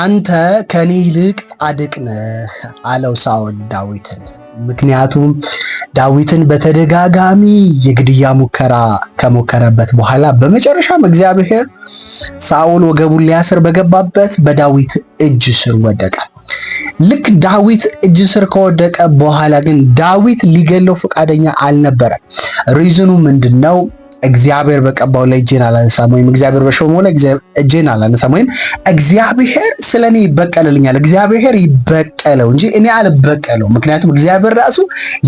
አንተ ከኔ ይልቅ ጻድቅ ነህ አለው ሳኦል ዳዊትን። ምክንያቱም ዳዊትን በተደጋጋሚ የግድያ ሙከራ ከሞከረበት በኋላ በመጨረሻም እግዚአብሔር ሳኦል ወገቡን ሊያስር በገባበት በዳዊት እጅ ስር ወደቀ። ልክ ዳዊት እጅ ስር ከወደቀ በኋላ ግን ዳዊት ሊገለው ፈቃደኛ አልነበረም። ሪዝኑ ምንድን ነው? እግዚአብሔር በቀባው ላይ እጄን አላነሳም፣ ወይም እግዚአብሔር በሾመው ላይ እጄን አላነሳም፣ ወይም እግዚአብሔር ስለ እኔ ይበቀልልኛል። እግዚአብሔር ይበቀለው እንጂ እኔ አልበቀለው፣ ምክንያቱም እግዚአብሔር ራሱ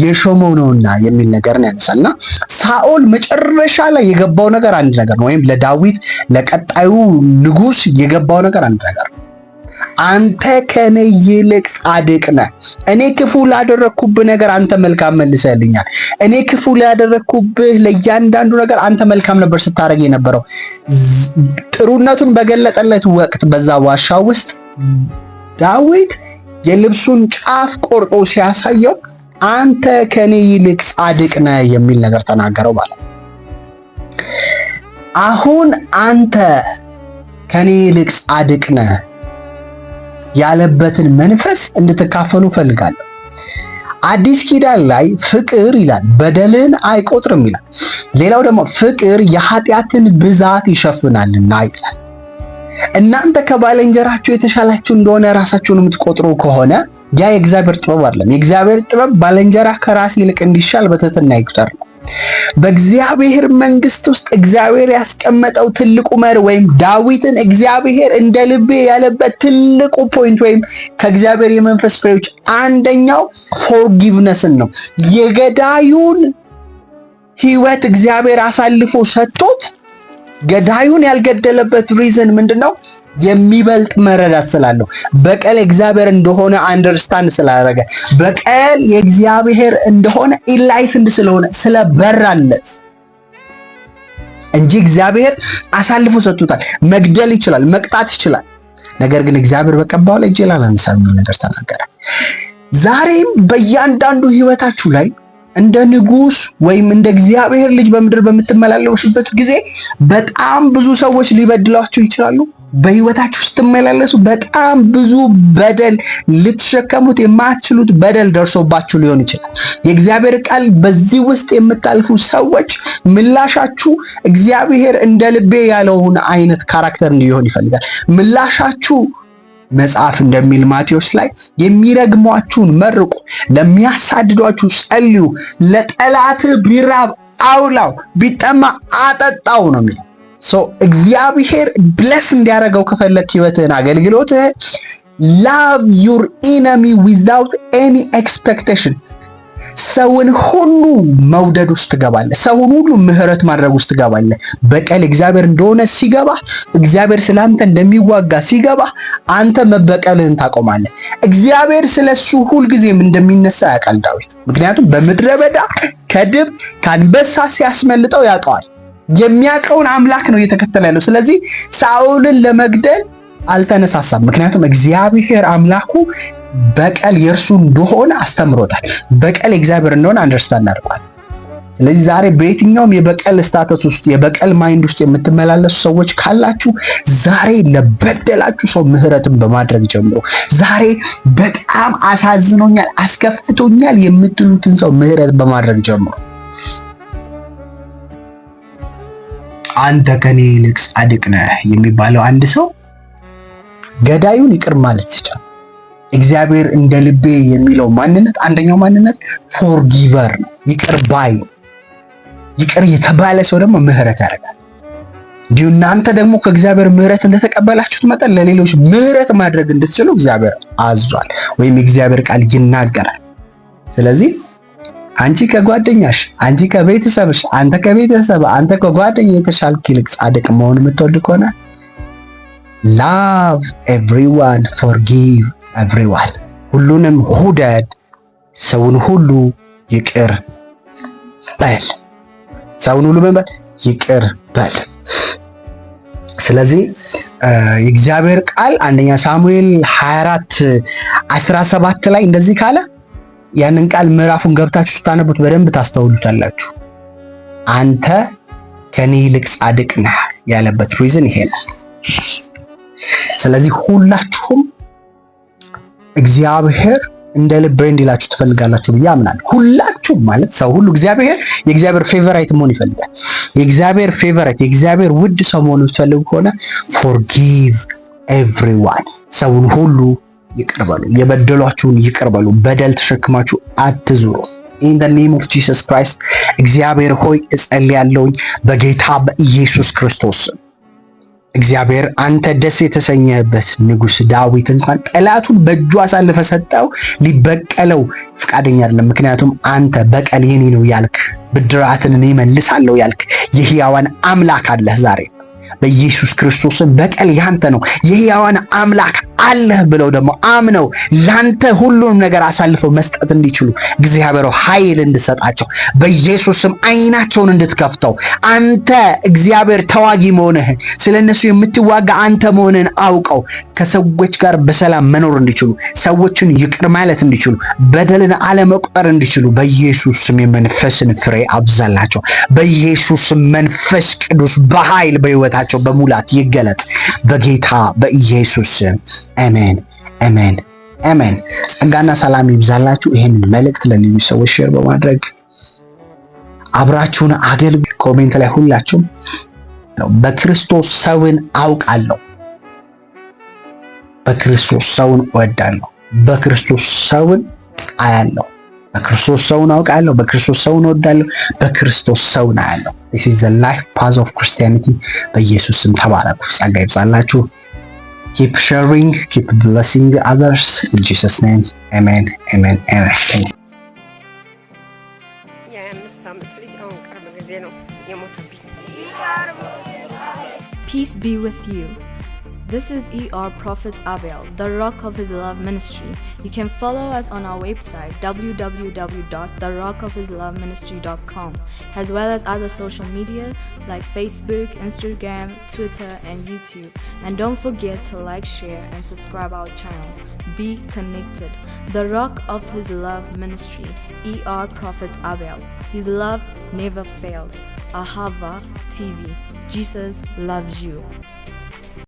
የሾመው ነውና የሚል ነው ያነሳል እና ሳኦል መጨረሻ ላይ የገባው ነገር አንድ ነገር ነው፣ ወይም ለዳዊት ለቀጣዩ ንጉስ የገባው ነገር አንድ ነገር አንተ ከኔ ይልቅ ጻድቅ ነህ። እኔ ክፉ ላደረግኩብህ ነገር አንተ መልካም መልሰልኛል። እኔ ክፉ ላደረግኩብህ ለእያንዳንዱ ነገር አንተ መልካም ነበር ስታደርግ የነበረው። ጥሩነቱን በገለጠለት ወቅት በዛ ዋሻ ውስጥ ዳዊት የልብሱን ጫፍ ቆርጦ ሲያሳየው አንተ ከኔ ይልቅ ጻድቅ ነህ የሚል ነገር ተናገረው ማለት ነው። አሁን አንተ ከኔ ይልቅ ጻድቅ ነህ ያለበትን መንፈስ እንድትካፈሉ ፈልጋለሁ። አዲስ ኪዳን ላይ ፍቅር ይላል በደልን አይቆጥርም ይላል። ሌላው ደግሞ ፍቅር የኃጢአትን ብዛት ይሸፍናልና ይላል። እናንተ ከባልንጀራችሁ የተሻላችሁ እንደሆነ ራሳችሁን የምትቆጥሩ ከሆነ ያ የእግዚአብሔር ጥበብ አይደለም። የእግዚአብሔር ጥበብ ባለእንጀራ ከራስ ይልቅ እንዲሻል በትህትና ይቁጠር ነው። በእግዚአብሔር መንግስት ውስጥ እግዚአብሔር ያስቀመጠው ትልቁ መር ወይም ዳዊትን እግዚአብሔር እንደ ልቤ ያለበት ትልቁ ፖይንት ወይም ከእግዚአብሔር የመንፈስ ፍሬዎች አንደኛው ፎርጊቭነስን ነው። የገዳዩን ህይወት እግዚአብሔር አሳልፎ ሰጥቶት ገዳዩን ያልገደለበት ሪዝን ምንድን ነው? የሚበልጥ መረዳት ስላለው በቀል እግዚአብሔር እንደሆነ አንደርስታንድ ስላደረገ በቀል የእግዚአብሔር እንደሆነ ኢንላይትንድ ስለሆነ ስለበራለት እንጂ እግዚአብሔር አሳልፎ ሰጥቶታል። መግደል ይችላል፣ መቅጣት ይችላል። ነገር ግን እግዚአብሔር በቀባው ላይ እጄ ላላነሳም ነገር ተናገረ። ዛሬም በእያንዳንዱ ህይወታችሁ ላይ እንደ ንጉስ ወይም እንደ እግዚአብሔር ልጅ በምድር በምትመላለሱበት ጊዜ በጣም ብዙ ሰዎች ሊበድሏችሁ ይችላሉ። በህይወታችሁ ስትመላለሱ በጣም ብዙ በደል ልትሸከሙት የማትችሉት በደል ደርሶባችሁ ሊሆን ይችላል። የእግዚአብሔር ቃል በዚህ ውስጥ የምታልፉ ሰዎች ምላሻችሁ እግዚአብሔር እንደ ልቤ ያለውን አይነት ካራክተር እንዲሆን ይፈልጋል። ምላሻችሁ መጽሐፍ እንደሚል ማቴዎስ ላይ የሚረግሟችሁን መርቁ፣ ለሚያሳድዷችሁ ጸልዩ፣ ለጠላት ቢራብ አውላው፣ ቢጠማ አጠጣው ነው የሚለው። እግዚአብሔር ብለስ እንዲያደርገው ከፈለግ ህይወትህን፣ አገልግሎትህ ላቭ ዩር ኢነሚ ዊዛውት ኤኒ ኤክስፔክቴሽን ሰውን ሁሉ መውደድ ውስጥ ትገባለህ። ሰውን ሁሉ ምህረት ማድረግ ውስጥ ትገባለህ። በቀል እግዚአብሔር እንደሆነ ሲገባ፣ እግዚአብሔር ስለ አንተ እንደሚዋጋ ሲገባ፣ አንተ መበቀልህን ታቆማለህ። እግዚአብሔር ስለ እሱ ሁልጊዜም እንደሚነሳ ያውቃል ዳዊት። ምክንያቱም በምድረ በዳ ከድብ ከአንበሳ ሲያስመልጠው ያውቀዋል። የሚያውቀውን አምላክ ነው እየተከተለ ያለው። ስለዚህ ሳኦልን ለመግደል አልተነሳሳም። ምክንያቱም እግዚአብሔር አምላኩ በቀል የእርሱ እንደሆነ አስተምሮታል። በቀል እግዚአብሔር እንደሆነ አንደርስታንድ አድርጓል። ስለዚህ ዛሬ በየትኛውም የበቀል ስታተስ ውስጥ የበቀል ማይንድ ውስጥ የምትመላለሱ ሰዎች ካላችሁ ዛሬ ለበደላችሁ ሰው ምሕረትን በማድረግ ጀምሮ ዛሬ በጣም አሳዝኖኛል፣ አስከፍቶኛል የምትሉትን ሰው ምሕረት በማድረግ ጀምሮ አንተ ከኔ ይልቅ ጻድቅ ነህ የሚባለው አንድ ሰው ገዳዩን ይቅር ማለት ሲቻል እግዚአብሔር እንደ ልቤ የሚለው ማንነት አንደኛው ማንነት ፎርጊቨር ነው፣ ይቅር ባይ ነው። ይቅር የተባለ ሰው ደግሞ ምህረት ያደርጋል። እንዲሁ እናንተ ደግሞ ከእግዚአብሔር ምህረት እንደተቀበላችሁት መጠን ለሌሎች ምህረት ማድረግ እንድትችሉ እግዚአብሔር አዟል፣ ወይም የእግዚአብሔር ቃል ይናገራል። ስለዚህ አንቺ ከጓደኛሽ፣ አንቺ ከቤተሰብሽ፣ አንተ ከቤተሰብ፣ አንተ ከጓደኛ የተሻልክ ይልቅ ጻድቅ መሆን የምትወድ ከሆነ ላቭ ኤቭሪዋን ፎርጊቭ ኤቭሪዋን፣ ሁሉንም ሁደድ፣ ሰውን ሁሉ ይቅር በል። ሰውን ሁሉ በል? ይቅር በል። ስለዚህ የእግዚአብሔር ቃል አንደኛ ሳሙኤል 24 17 ላይ እንደዚህ ካለ ያንን ቃል ምዕራፉን ገብታችሁ ስታነቡት በደንብ ታስተውሉታላችሁ። አንተ ከኔ ይልቅ ጻድቅ ነህ ያለበት ሪዝን ይሄ ነው። ስለዚህ ሁላችሁም እግዚአብሔር እንደ ልብ እንዲላችሁ ትፈልጋላችሁ ብዬ አምናለሁ። ሁላችሁም ማለት ሰው ሁሉ እግዚአብሔር የእግዚአብሔር ፌቨራይት መሆን ይፈልጋል። የእግዚአብሔር ፌቨራይት የእግዚአብሔር ውድ ሰው መሆን የምትፈልጉ ከሆነ ፎርጊቭ ኤቭሪዋን ሰውን ሁሉ ይቅርበሉ፣ የበደሏችሁን ይቅርበሉ። በደል ተሸክማችሁ አትዙሩ። ኢን ደ ኔም ኦፍ ጂሰስ ክራይስት እግዚአብሔር ሆይ እጸልያለሁኝ በጌታ በኢየሱስ ክርስቶስ እግዚአብሔር አንተ ደስ የተሰኘህበት ንጉሥ ዳዊት እንኳን ጠላቱን በእጁ አሳልፈ ሰጠው፣ ሊበቀለው ፍቃደኛ አይደለም። ምክንያቱም አንተ በቀል የኔ ነው ያልክ፣ ብድራትን እኔ መልሳለሁ ያልክ የሕያዋን አምላክ አለህ። ዛሬ በኢየሱስ ክርስቶስን በቀል ያንተ ነው የሕያዋን አምላክ አለህ ብለው ደግሞ አምነው ላንተ ሁሉንም ነገር አሳልፈው መስጠት እንዲችሉ እግዚአብሔር ኃይል እንድሰጣቸው በኢየሱስም አይናቸውን እንድትከፍተው አንተ እግዚአብሔር ተዋጊ መሆንህን ስለ እነሱ የምትዋጋ አንተ መሆንህን አውቀው ከሰዎች ጋር በሰላም መኖር እንዲችሉ ሰዎችን ይቅር ማለት እንዲችሉ በደልን አለመቁጠር እንዲችሉ በኢየሱስም የመንፈስን ፍሬ አብዛላቸው። በኢየሱስም መንፈስ ቅዱስ በኃይል በሕይወታቸው በሙላት ይገለጥ በጌታ በኢየሱስ አሜን አሜን አሜን። ጸጋና ሰላም ይብዛላችሁ። ይህንን መልእክት ለሌሎች ሰዎች ሼር በማድረግ አብራችሁን አገልግ ኮሜንት ላይ ሁላችሁም በክርስቶስ ሰውን አውቃለሁ፣ በክርስቶስ ሰውን እወዳለሁ፣ በክርስቶስ ሰውን አያለሁ፣ በክርስቶስ ሰውን አውቃለሁ፣ በክርስቶስ ሰውን እወዳለሁ፣ በክርስቶስ ሰውን አያለሁ። ዲስ ዘ ላይፍ ፓዝ ኦፍ ክርስቲያኒቲ። በኢየሱስ ስም ተባረኩ። ጸጋ ይብዛላችሁ። Keep sharing, keep blessing the others. In Jesus' name, amen, amen, amen. Thank you. Oh, Peace be with you. This is ER Prophet Abel, the Rock of His Love Ministry. You can follow us on our website www.therockofhisloveministry.com, as well as other social media like Facebook, Instagram, Twitter, and YouTube. And don't forget to like, share, and subscribe our channel. Be connected. The Rock of His Love Ministry, ER Prophet Abel. His love never fails. Ahava TV. Jesus loves you.